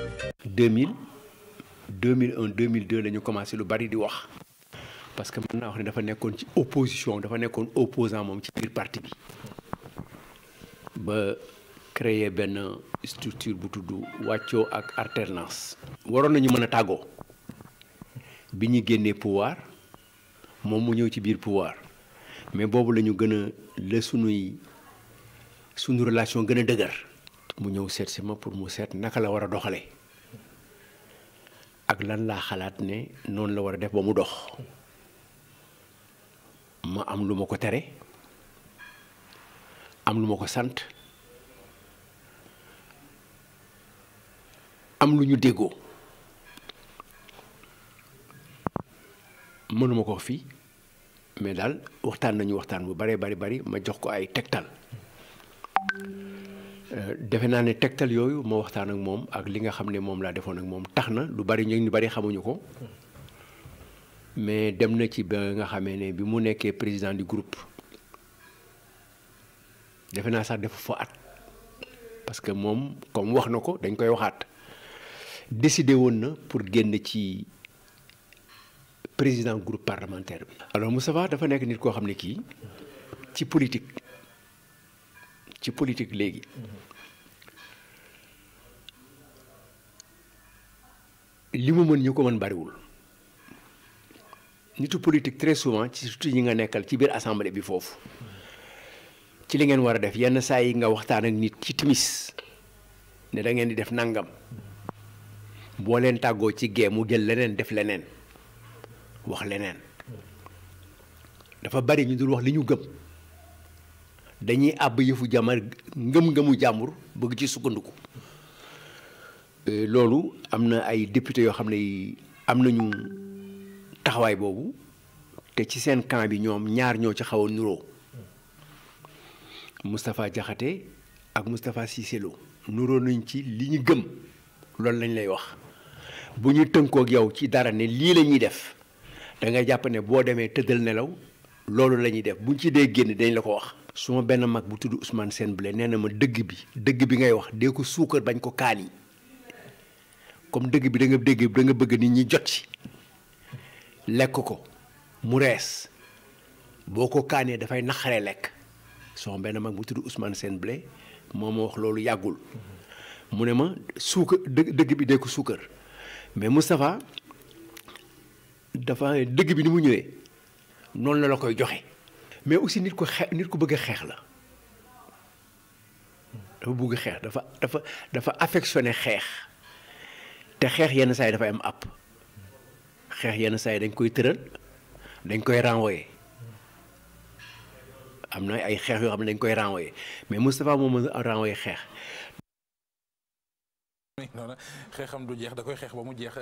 2000 2001 2002 la ñu commencé lu bari di wax parce que mën naa wax ne dafa nekkoon ci opposition dafa nekkoon opposant moom ci biir parti bi ba créer benn structure bu tudd wàccoo ak alternance waroon nañu mën a tàggoo bi ñu génnee pouvoir moom mu ñëw ci biir pouvoir mais boobu la ñu gën a la sunuy sunu relation gën a dëgër mu ñëw seet si ma pour mu seet naka la war a doxale ak lan laa xalaat ne noonu la war a def ba mu dox ma am lu ma ko tere am lu ma ko sant am lu ñu déggoo mënuma ko fii mais daal waxtaan nañu waxtaan bu bare bari bari ma jox ko ay tegtal defe naa ne tegtal yooyu ma waxtaan ak moom ak li nga xam ne moom laa defoon ak moom tax na lu bari ñu ñu bari xamuñu ko mais dem na ci ba nga xamee ne bi mu nekkee président du groupe defe naa sax defu fa at parce que moom comme wax na ko dañ koy waxaat décidé woon na pour génn ci président groupe parlementaire bi. alors Moustapha dafa nekk nit koo xam ne kii ci politique. ci politique léegi li mu mën ñu ko mën bariwul nitu politik très souvent ci surtout ñi nga nekkal ci biir assemblée bi foofu ci li ngeen war a def yenn saa yi nga waxtaan ak nit ci timis ne dangeen di def nangam boo leen tàggoo ci gee mu jël leneen def leneen wax leneen dafa bari ñu dul wax li ñu gëm. dañuy àbb yëfu jàmar ngëm-ngëmu jàmbur bëgg ci sukkandiku euh, loolu am na ay député yoo xam ne am nañu taxawaay boobu te ci seen camp bi ñoom ñaar ñoo ci xawa nuroo Moustapha Diakhaté ak Moustapha Cissé Lo nuroo nañ ci li ñu gëm loolu lañ lay wax bu ñu tënkoo yow ci dara ne lii lañuy def dangay jàpp ne boo demee tëddal nelaw loolu la ñuy def buñ ci dee génn dañ la ko wax suma benn mag bu tudd Ousmane seen Blay nee na ma dëgg bi dëgg bi ngay wax dee ko suukar bañ ko kaani comme dëgg bi danga nga dégg danga bëgg nit ñi jot ci lekk ko mu rees boo ko kaanee dafay naqaree lekk suma benn mag bu tudd Ousmane seen Blay moo ma wax loolu yàggul mu ne ma suukar dëgg bi dee ko suukar mais Moustapha dafa dëgg bi ni mu ñëwee noonu la la koy joxe mais aussi nit ko xe nit ko bëgg xeex la dafa bëgg xeex dafa dafa dafa affectionné xeex te xeex yenn saa yi dafa am app xeex yenn saa yi dañ koy tëral dañ koy renvoyer am na ay xeex yoo xam ne dañ koy renvoyer mais Moustapha moom mën a renvoyer xeex. xeexam du jeex da koy xeex ba mu jeex.